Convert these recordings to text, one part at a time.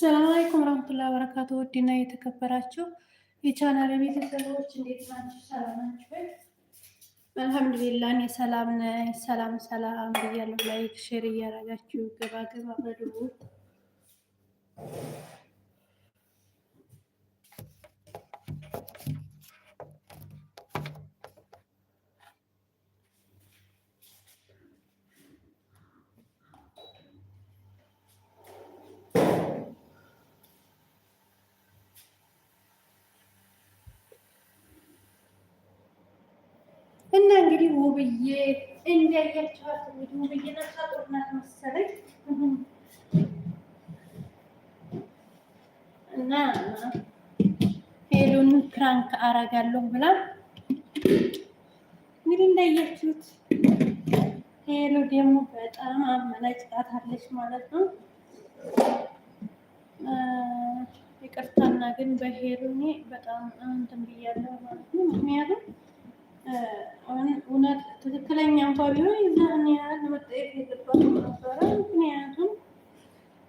ሰላም አለይኩም ረህመቱላሂ ወበረካቱ። ውድና የተከበራችሁ የቻናል ቤተሰቦች እንዴት ናችሁ? ሰላም ናችሁ? አልሐምዱሊላህ ሰላም ነኝ። ሰላም ሰላም ብያለሁ። ላይክ ሼር እያደረጋችሁ ገባገባ በድቡ እንግዲህ ውብዬ እንዳያቸዋት እንግዲህ ውብዬ ነፍሰ ጡር ናት መሰለኝ እና ሄሉን ክራንክ አረጋለሁ ብላ እንግዲህ እንዳያችሁት ሄሉ ደግሞ በጣም አመናጭ አመናጭቃታለች ማለት ነው። ይቅርታና ግን በሄሉ እኔ በጣም እንትን ብያለሁ ማለት ነው ምክንያቱም እውነት ትክክለኛ እንኳ ቢሆን ይዛን ያህል መጠየቅ የለባትም ነበረ። ምክንያቱም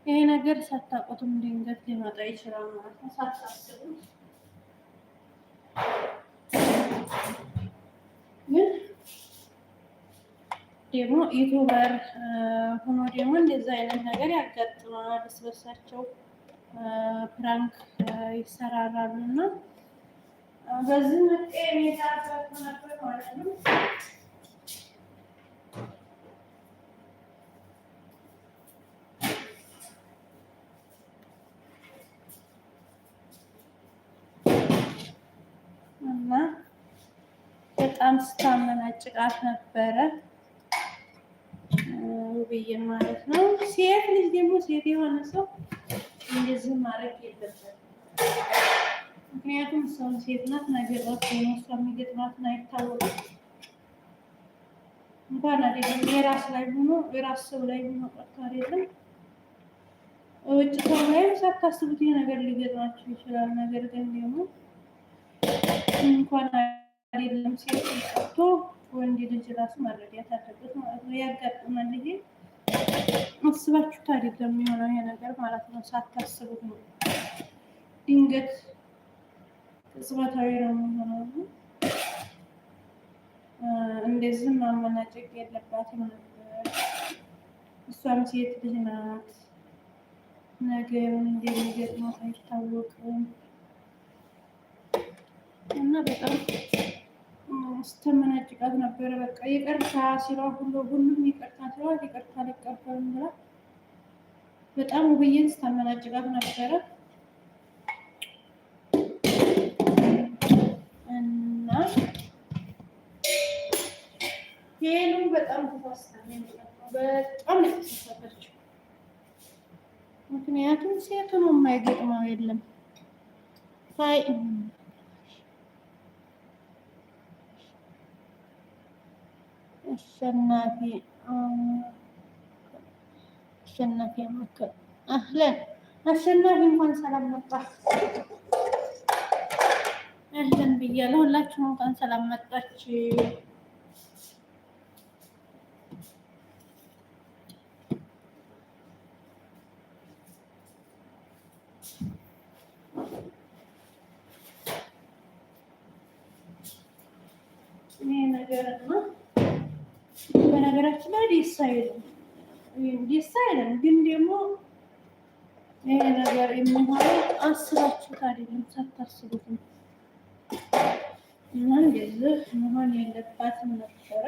ይሄ ነገር ሳታውቁትም ድንገት ሊመጣ ይችላል ማለት ነው ሳታስቡ። ደግሞ ዩቱበር ሆኖ ደግሞ እንደዚ አይነት ነገር ያጋጥማል። ስበሳቸው ፕራንክ ይሰራራሉ እና በዚህ መጤ የሚታፈቱ ነበር ማለት ነው። እና በጣም ስታመናጭቃት ነበረ ውብዬ ማለት ነው። ሴት ልጅ ደግሞ ሴት የሆነ ሰው እንደዚህ ማድረግ የለበትም። ምክንያቱም ሰው ሴት ናት፣ ነገ እሷ የሚገጥማትን አይታወቅም። እንኳን አይደለም የራስ ላይ ሆኖ የራስ ሰው ላይ ሆኖ ቀርቶ አይደለም ውጭ ሰው ላይ ሳታስቡት ይህ ነገር ሊገጥማችሁ ይችላል። ነገር ግን ደግሞ እንኳን አይደለም ሴት ቀርቶ ወንድ ልጅ ራሱ መረዳት አለበት ማለት ነው። ያጋጥማል። ይሄ አስባችሁት አይደለም የሚሆነው ይሄ ነገር ማለት ነው። ሳታስቡት ነው ድንገት እጽበታዊ ነው የሚሆነው። እንደዚህ ማመናጨቅ የለባትም ነበር። እሷም ሴት ልጅ ናት። ነገ ምን እንደሚገጥማት አይታወቅም እና በጣም ስተመናጭቃት ነበረ። በቃ ይቅርታ ሲሏ ሁሉ ሁሉም ይቅርታ ሲሏት ይቅርታ ሊቀበል ብላ በጣም ውብዬን ስተመናጭቃት ነበረ። ሄሉ በጣም በጣም ለተሳሳተችው። ምክንያቱም ሴቱ ነው የማይገጥመው የለም። አይ አሸናፊ አሸናፊ አመከ አህለን አሸናፊ እንኳን ሰላም መጣ። አህለን ብያለሁ። ሁላችሁም እንኳን ሰላም መጣች። ደስ አይልም፣ ደስ አይልም። ግን ደግሞ ይሄ ነገር የሚሆነው አስባችሁት አይደለም፣ ሳታስቡት ነው። እና እንደዚህ መሆን የለባትም ነበረ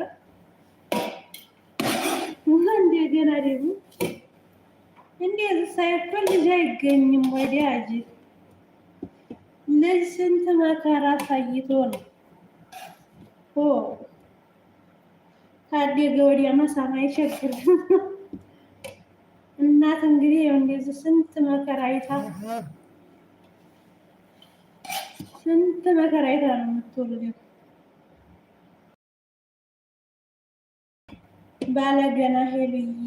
እና እንደገና ደግሞ እንደዚህ ሳይባል ልጅ አይገኝም። ወዲያ አጅ ለዚህ ስንት መከራ አሳይቶ ነው ካደገ ወዲያማ ሳማ አይቸግርም። እናት እንግዲህ እንደዚህ ስንት መከራ አይታ ስንት መከራ አይታ ነው የምትወልደው። ባለገና ሄሉዬ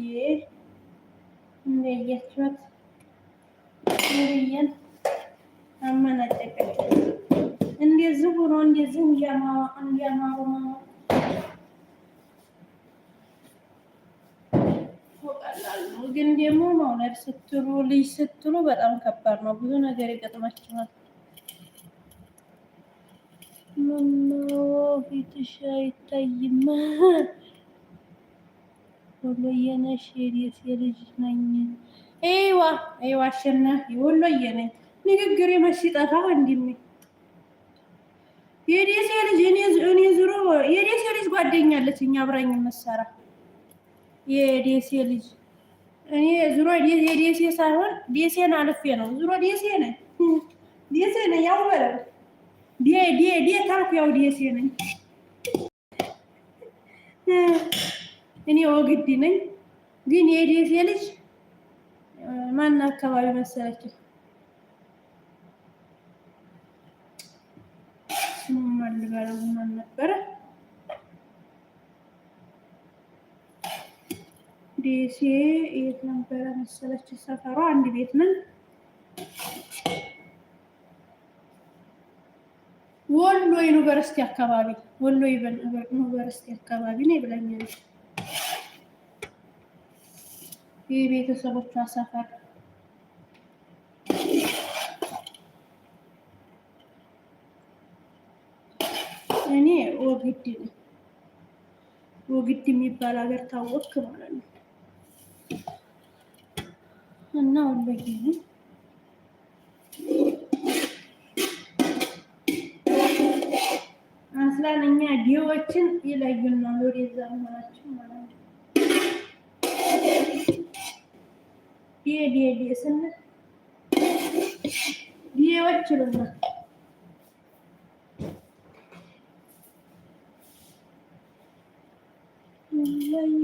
እንደያችሁት ሄሉዬን አመናጨቀች። እንደዚህ ሆኖ እንደዚህ እንዲያማሩ መሞከር ግን ደግሞ መውለድ ስትሉ ልጅ ስትሉ በጣም ከባድ ነው። ብዙ ነገር ይገጥማችኋል። ምነው ፊትሽ አይታይም? ወሎዬ ነሽ? የዴት የልጅ ነኝ። ኤዋ ኤዋ፣ አሸናፊ ወሎዬ ነኝ። ንግግሬ መች ሲጠፋ ወንድሜ፣ የዴት የልጅ እኔ ዙሮ የዴት የልጅ ጓደኛለች እኛ አብራኝ መሰራ የዴት የልጅ እኔ ዙሮ የደሴ ሳይሆን ደሴን አልፌ ነው። ዙሮ ደሴ ነኝ፣ ደሴ ነኝ። ያው በለው ዴ ታልኩ፣ ያው ደሴ ነኝ። እኔ ወግዲ ነኝ፣ ግን የደሴ ልጅ ማን አካባቢ መሰለች ስሙ ማን ልበለው ማን ነበረ? ዴሴ የት ነበረ መሰለች ሰፈሯ? አንድ ቤት ምን ወሎ ዩኒቨርሲቲ አካባቢ ወሎ ዩኒቨርሲቲ አካባቢ ነው የቤተሰቦቿ ሰፈር እኔ ወግድ ነው። ወግድ የሚባል ሀገር ታወቅክ ማለት ነው። Ne oldu bekleyelim. አስላን እኛ ዲዮዎችን ይለዩን ነው ሎሪ ዘመናችን ማለት ነው። ዲዬ ዲዬ ዲዬ ስንል ዲዮዎች ይሉናል።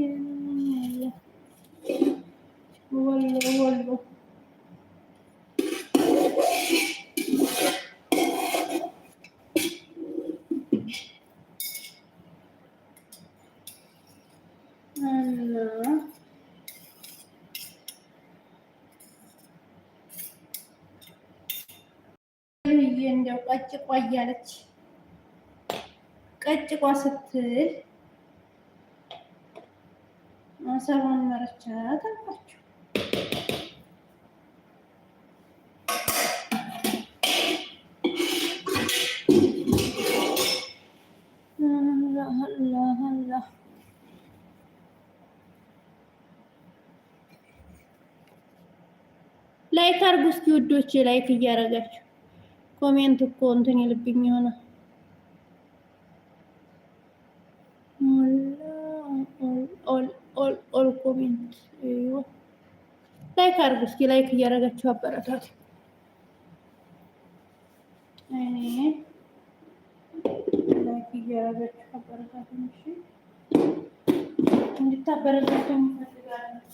Yeah. ወሎ ወሎ እንደው ቀጭቋ እያለች ቀጭቋ ስትል አሰሯን መረቻት አልኳቸው። ላይክ አድርጉ እስኪ ውዶች፣ ላይክ እያደረጋችሁ ኮሜንት እኮ እንትን ይልብኝ ይሆናል። ኦል ኮሜንት ላይክ አድርጉ እስኪ ላይክ እያደረጋችሁ አበረታት። ላይክ እያደረጋችሁ አበረታት እንድታበረታት ፈልጋለሁ።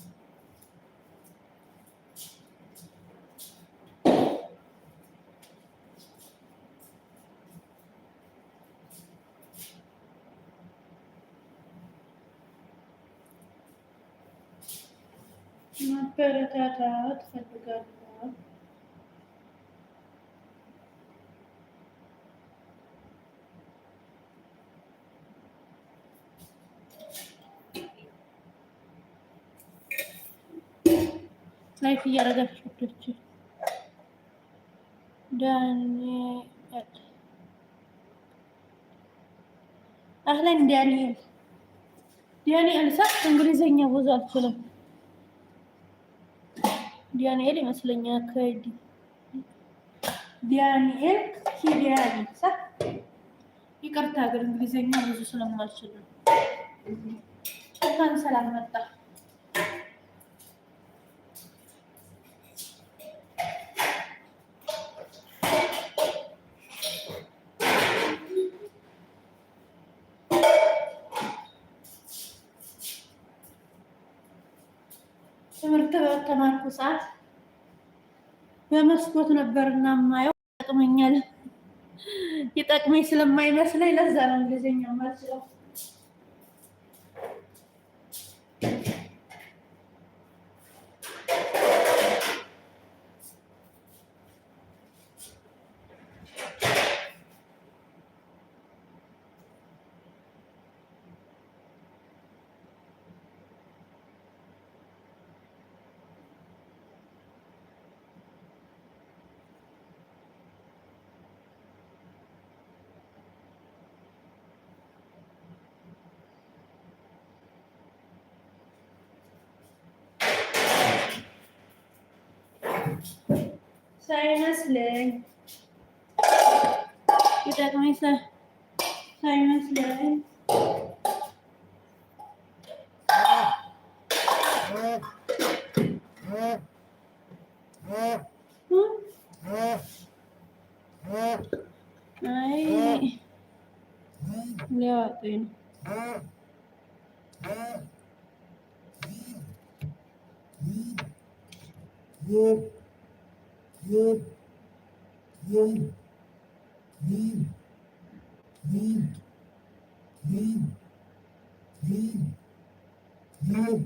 ልበረታታት እፈልጋለሁ። ላይፍ እያደረጋችሁ ልጆች ዳንኤል አህለን ዳንኤል ዳንኤል ሳ እንግሊዘኛ ብዙ አልችልም። ዳንኤል ይመስለኛል። ዳንኤል ኪዳኒ ይቅርታ፣ ሀገር እንግሊዝኛ ብዙ ስለማልችል እንኳን ሰላም መጣ። ሰዓት በመስኮት ነበር እና ማየው ይጠቅመኛል። ይጠቅመኝ ስለማይመስለኝ ለዛ ነው እንግሊዝኛ ማልችለው። sinus leg. Kita kami sa Cyrus leg. Huh? Ay. Lewat yun. Yeah. Nhìn, nhìn, nhìn, nhìn, nhìn, nhìn,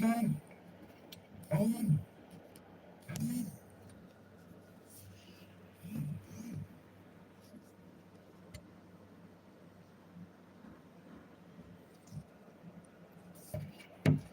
nhìn, nhìn.